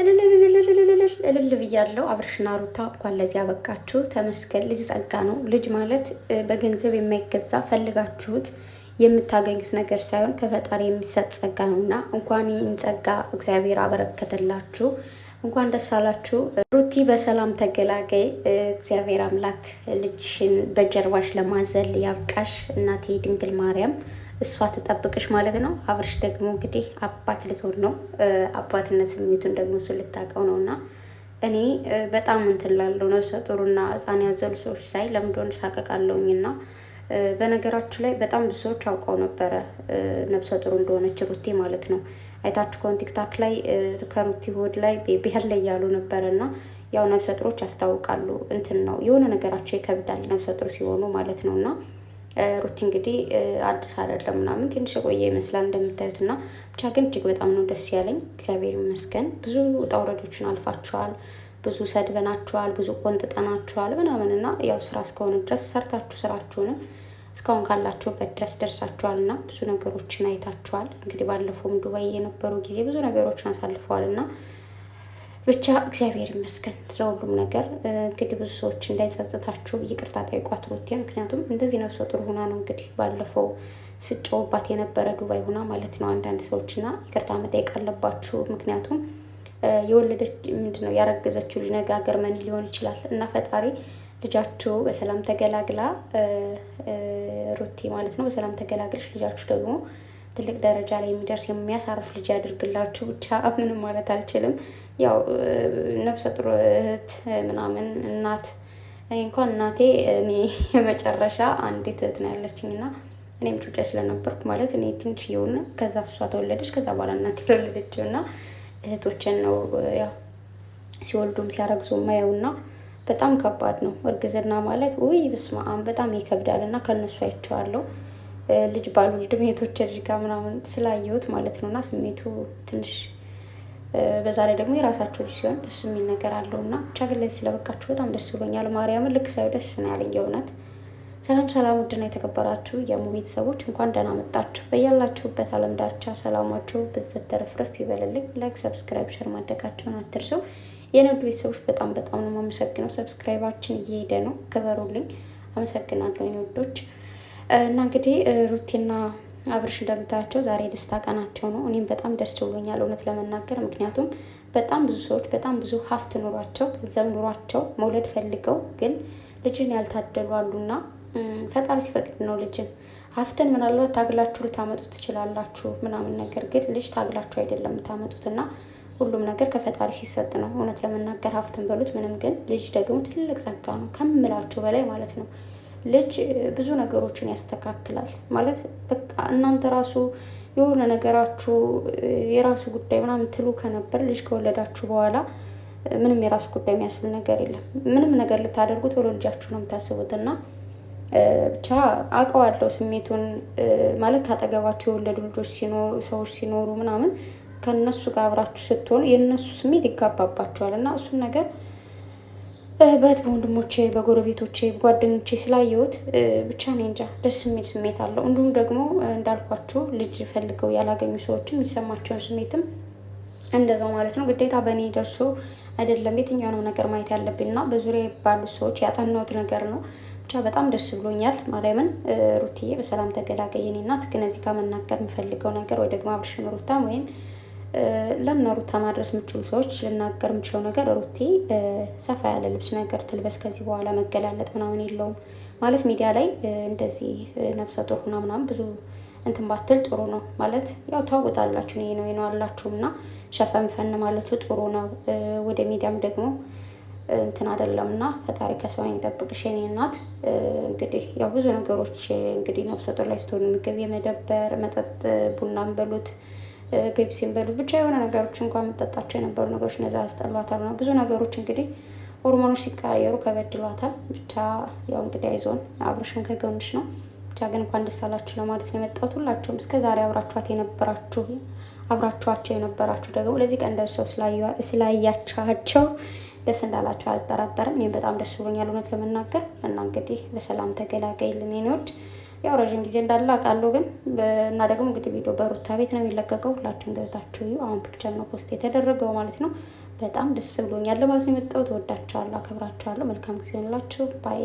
እልል ብያለሁ። አብርሽና ሩታ እንኳን ለዚህ ያበቃችሁ። ተመስገን። ልጅ ጸጋ ነው። ልጅ ማለት በገንዘብ የማይገዛ ፈልጋችሁት የምታገኙት ነገር ሳይሆን ከፈጣሪ የሚሰጥ ጸጋ ነው እና እንኳን ይህን ጸጋ እግዚአብሔር አበረከተላችሁ። እንኳን ደስ አላችሁ። ሩቲ በሰላም ተገላገይ። እግዚአብሔር አምላክ ልጅሽን በጀርባሽ ለማዘል ያብቃሽ። እናቴ ድንግል ማርያም እሷ ትጠብቅሽ ማለት ነው። አብርሽ ደግሞ እንግዲህ አባት ልትሆን ነው። አባትነት ስሜቱን ደግሞ እሱ ልታውቀው ነው እና እኔ በጣም እንትን ላለው ነፍሰ ጡርና ሕፃን ያዘሉ ሰዎች ሳይ ለምዶን ሳቀቃለውኝ እና በነገራችሁ ላይ በጣም ብዙ ሰዎች አውቀው ነበረ ነፍሰ ጡር እንደሆነች ሩቴ ማለት ነው። አይታችሁ ከሆን ቲክታክ ላይ ከሩቲ ሆድ ላይ ቤቢ ያለ እያሉ ነበረ እና ያው ነፍሰ ጡሮች ያስታውቃሉ። እንትን ነው የሆነ ነገራቸው ይከብዳል ነፍሰ ጡር ሲሆኑ ማለት ነው እና ሩቲ እንግዲህ አዲስ አይደለም ምናምን ትንሽ የቆየ ይመስላል እንደምታዩት እና ብቻ ግን እጅግ በጣም ነው ደስ ያለኝ። እግዚአብሔር ይመስገን። ብዙ ውጣ ውረዶችን አልፋችኋል፣ ብዙ ሰድበናችኋል፣ ብዙ ቆንጥጠናችኋል ምናምን እና ያው ስራ እስከሆነ ድረስ ሰርታችሁ ስራችሁንም እስካሁን ካላችሁበት ድረስ ደርሳችኋል እና ብዙ ነገሮችን አይታችኋል። እንግዲህ ባለፈውም ዱባይ የነበሩ ጊዜ ብዙ ነገሮችን አሳልፈዋል እና ብቻ እግዚአብሔር ይመስገን ስለ ሁሉም ነገር። እንግዲህ ብዙ ሰዎች እንዳይጸጽታችሁ ይቅርታ ጠይቋት ሩቴ ምክንያቱም እንደዚህ ነፍሰ ጡር ሆና ነው እንግዲህ ባለፈው ስጮባት የነበረ ዱባይ ሆና ማለት ነው። አንዳንድ ሰዎችና ይቅርታ መጠየቅ አለባችሁ። ምክንያቱም የወለደች ምንድን ነው ያረገዘችው ልጅ ነገ አገር መን ሊሆን ይችላል እና ፈጣሪ ልጃችሁ በሰላም ተገላግላ ሩቴ ማለት ነው በሰላም ተገላግልሽ ልጃችሁ ደግሞ ትልቅ ደረጃ ላይ የሚደርስ የሚያሳርፍ ልጅ ያደርግላችሁ። ብቻ ምንም ማለት አልችልም። ያው ነፍሰ ጡር እህት ምናምን እናት እንኳን እናቴ እኔ የመጨረሻ አንዲት እህት ነው ያለችኝ እና እኔም ጩጫ ስለነበርኩ ማለት እኔ ትንሽ የሆነ ከዛ እሷ ተወለደች። ከዛ በኋላ እናቴ ወለደችው እና እህቶችን ነው ያው ሲወልዱም ሲያረግዙ ማየው ማየውና በጣም ከባድ ነው እርግዝና ማለት ውይ ብስማ በጣም ይከብዳል። እና ከእነሱ አይቼዋለሁ ልጅ ባልወልድም እህቶቼ ልጅ ጋር ምናምን ስላየሁት ማለት ነው እና ስሜቱ ትንሽ በዛ ላይ ደግሞ የራሳቸው ልጅ ሲሆን ደስ የሚል ነገር አለው እና ብቻ ግን ለዚህ ስለበቃችሁ በጣም ደስ ብሎኛል። ማርያምን ልክ ሳይሆን ደስ ነው ያለኝ የእውነት። ሰላም ሰላም፣ ውድና የተከበራችሁ የሙ ቤተሰቦች እንኳን ደህና መጣችሁ። በያላችሁበት አለም ዳርቻ ሰላማችሁ ብዘት ተረፍረፍ ይበልልኝ። ላይክ፣ ሰብስክራይብ፣ ሸር ማድረጋችሁን አትርሱ። የንግድ ቤተሰቦች በጣም በጣም ነው የማመሰግነው። ሰብስክራይባችን እየሄደ ነው፣ ክበሩልኝ። አመሰግናለሁ ውዶች እና እንግዲህ ሩቲና አብርሽ እንደምታያቸው ዛሬ ደስታ ቀናቸው ነው። እኔም በጣም ደስ ብሎኛል እውነት ለመናገር ምክንያቱም በጣም ብዙ ሰዎች በጣም ብዙ ሀብት ኑሯቸው ገንዘብ ኑሯቸው መውለድ ፈልገው ግን ልጅን ያልታደሉ አሉና ፈጣሪ ሲፈቅድ ነው ልጅን ሀብትን ምናልባት ታግላችሁ ልታመጡት ትችላላችሁ ምናምን፣ ነገር ግን ልጅ ታግላችሁ አይደለም የምታመጡት እና ሁሉም ነገር ከፈጣሪ ሲሰጥ ነው እውነት ለመናገር ሀብትን በሉት ምንም። ግን ልጅ ደግሞ ትልቅ ጸጋ ነው ከምላችሁ በላይ ማለት ነው። ልጅ ብዙ ነገሮችን ያስተካክላል ማለት በቃ እናንተ ራሱ የሆነ ነገራችሁ የራሱ ጉዳይ ምናምን ትሉ ከነበር ልጅ ከወለዳችሁ በኋላ ምንም የራሱ ጉዳይ የሚያስብል ነገር የለም። ምንም ነገር ልታደርጉት ቶሎ ልጃችሁ ነው የምታስቡት። እና ብቻ አውቀዋለሁ ስሜቱን ማለት ካጠገባችሁ የወለዱ ልጆች ሲኖሩ ሰዎች ሲኖሩ ምናምን ከነሱ ጋር አብራችሁ ስትሆኑ የእነሱ ስሜት ይጋባባቸዋል እና እሱን ነገር በእህት በወንድሞቼ በጎረቤቶቼ በጓደኞቼ ስላየሁት ብቻ እኔ እንጃ ደስ የሚል ስሜት አለው። እንዲሁም ደግሞ እንዳልኳቸው ልጅ ፈልገው ያላገኙ ሰዎችም የሚሰማቸውን ስሜትም እንደዛው ማለት ነው። ግዴታ በእኔ ደርሶ አይደለም የትኛው ነው ነገር ማየት ያለብኝ እና በዙሪያ ባሉት ሰዎች ያጠናሁት ነገር ነው። ብቻ በጣም ደስ ብሎኛል። ማርያምን ሩትዬ በሰላም ተገላገይ የኔ እናት። ግን እዚህ ጋር መናገር የምፈልገው ነገር ወይ ደግሞ አብርሽም ሩታም ወይም ለምና ሩታ ማድረስ የምችሉ ሰዎች ልናገር የምችለው ነገር ሩቴ ሰፋ ያለ ልብስ ነገር ትልበስ። ከዚህ በኋላ መገላለጥ ምናምን የለውም ማለት ሚዲያ ላይ እንደዚህ ነብሰ ጡር ምናምን ብዙ እንትን ባትል ጥሩ ነው ማለት ያው ታወጣላችሁ ይሄ ነው ነው አላችሁም እና ሸፈን ፈን ማለቱ ጥሩ ነው። ወደ ሚዲያም ደግሞ እንትን አይደለም እና ፈጣሪ ከሰው ይጠብቅሽ የኔ እናት። እንግዲህ ያው ብዙ ነገሮች እንግዲህ ነፍሰ ጡር ላይ ስትሆኑ ምግብ የመደበር መጠጥ ቡናም በሉት ፔፕሲን በሉት ብቻ የሆነ ነገሮች እንኳን የምጠጣቸው የነበሩ ነገሮች እነዛ ያስጠሏታል። ነው ብዙ ነገሮች እንግዲህ ሆርሞኖች ሲቀያየሩ ከበድሏታል። ብቻ ያው እንግዲህ አይዞን አብረሽን ከጎንሽ ነው። ብቻ ግን እንኳን ደስ አላችሁ ለማለት ነው የመጣሁት። ሁላችሁም እስከ ዛሬ አብራችኋት የነበራችሁ አብራችኋቸው የነበራችሁ ደግሞ ለዚህ ቀን ደርሰው ስላያችኋቸው ደስ እንዳላችሁ አልጠራጠርም። እኔም በጣም ደስ ብሎኛል እውነት ለመናገር እና እንግዲህ በሰላም ተገላገይልን ኔኖድ ያው ረዥም ጊዜ እንዳለ አውቃለሁ። ግን እና ደግሞ እንግዲህ ቪዲዮ በሩታ ቤት ነው የሚለቀቀው። ሁላችሁም ገብታችሁ አሁን ፒክቸር ነው ፖስት የተደረገው ማለት ነው። በጣም ደስ ብሎኛል ለማለት ነው የመጣሁት። እወዳችኋለሁ፣ አከብራችኋለሁ። መልካም ጊዜ ሆንላችሁ ባይ